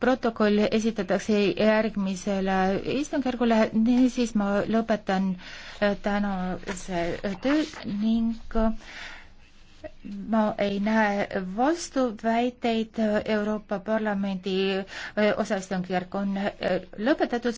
protokoll esitatakse järgmisele istungjärgule, niisiis ma lõpetan äh, tänase äh, töö ning äh, ma ei näe vastuväiteid Euroopa Parlamendi osaistungjärk on lõpetatud.